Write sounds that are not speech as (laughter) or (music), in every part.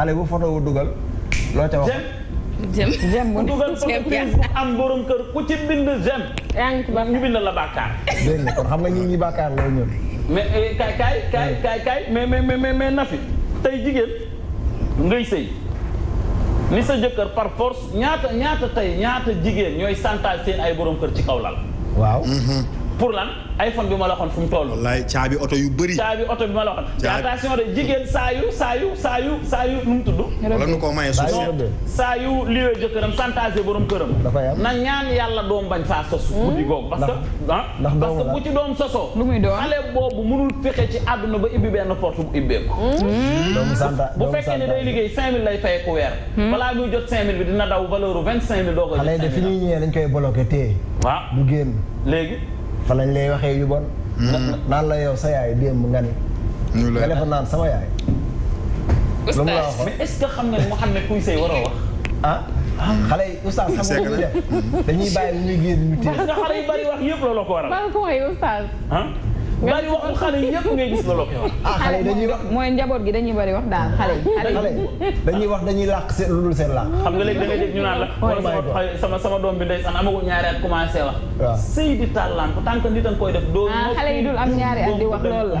xale bu photo wu dugal loo ca wax. jëm jëm bu dugal bu am borom kër ku ci bind jëm. yaa ngi ci bàkkaar ñu bind la bàkkaar. dégg nga kon xam nga ñii ñi bàkkaar loolu ñun. mais eh, kaay kaay kaay hmm. kaay kaay mais mais mais mais Nafi tey jigéen ngay sëy ni sa jëkkër par force ñaata ñaata tey ñaata jigéen ñooy santaal seen ay boroom kër ci kaw la waaw. Mm-hmm. pour lan iPhone bi ma la waxoon fu mu toll. wallaay caabi oto yu bëri. caabi oto bi ma la waxoon. caabi attention de jigéen saa yu saa yu saa yu saa yu nu mu tudd. wala nu ko maye suuf saa yu liwee jëkkëram santage borom këram. na ñaan yàlla doom bañ faa sos. Hmm? guddi googu parce que. ndax ah, parce que bu ci doom sosoo. lu muy doon xale boobu mënul fexe ci àdduna ba ibbi benn porte bu ibbeeku. Hmm? Hmm? doomu santa bu fekkee ne day liggéey 5000 lay fay ku weer. balaa muy jot 5000 bi dina daw valeur bu 25000 doo ko. xale yi de fi ñuy ñëwee dañ koy bloqué téye. waaw ah. du génn léegi fa lañ lay waxee yu bon. Mm-hmm. naan la yow sa yaay démb nga ni. ñu lay nga naan sama yaay. lu mu la waxoon mais est-ce que xam nga Mouhamed kuy sëy waroo wax. Ah? ah xale yi oustaz xam nga def dañuy bàyyi ñuy génn ñu téye. parce que xale yu bari wax yëpp loolu ko waral. maa ngi ko waxee oustaz. Ah? bari waxu xale yi ñëpp ngay gis loolu. ah xale yi dañuy wax mooy njaboot gi dañuy bari wax daal xale yi. dañuy wax dañuy làq seen lu dul seen làq. xam nga léegi da ngay ñu naan la. Oh sama sama doom bi ndeysaan amagu ñaari at commencé wax. waaw sëy di tàllaan ko tant que nit a koy def. doo ah, xale dul am ñaari at di wax loolu la.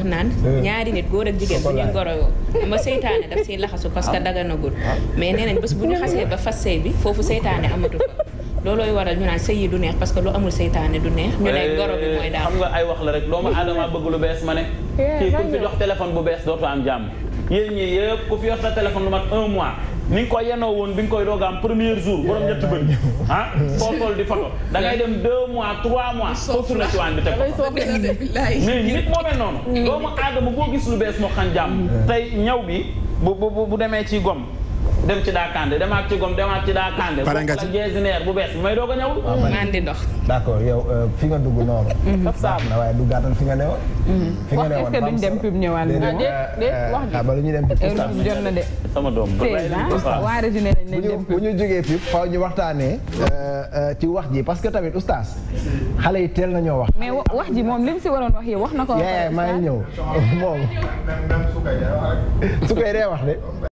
wax naan. Eh. ñaari nit góor ak jigéen bu ñu ngoroyoo. ma seytaane daf siy laxasu parce que ah. daganagul. Ah. mais nee nañ bu ñu xasee ba fas sëy bi foofu seytaane amatu fa. loolooy waral ñu naan sëy yi du neex parce que lu amul seytaane du neex. ñu ne eh, goro bi mooy daal xam nga ay wax la rek doomu aadama bëgg lu bees ma ne. Eh, kii ku fi jox téléphone bu bees dootoo am jàmm. yéen ñii yëpp ku fi yor sa téléphone lu mat un mois. ni nga ko yenoo woon bi nga koy doog am premier jour borom ñetti bën (laughs) ah foo toll di photo da ngay dem deux mois trois mois foofu la ci waan bi teg ko mais nit moo noonu mm. doomu aadama boo gis lu bees moo xam mm. tey ñaw bi bu bu bu demee ci gom dem ci daa kànde demaat ci gom demaat ci daa kànde. pare bu bees bi may doog a ñëw. naan di dox. d' yow euh, fi nga dugg noonu. Mm-hmm. saabu na waaye du gàttal fi nga newoon. Mm-hmm. fi nga newoon wax est-ce que duñ dem pub euh, ah, euh, ah, na de. sama doom ah, bu ñu jógee pub ci wax ji parce que tamit oustaz xale yi teel nañoo wax. mais wax ji moom li mu si waroon wax yow wax na ko. maa ngi ñëw (laughs) moom (laughs) su koy dee de.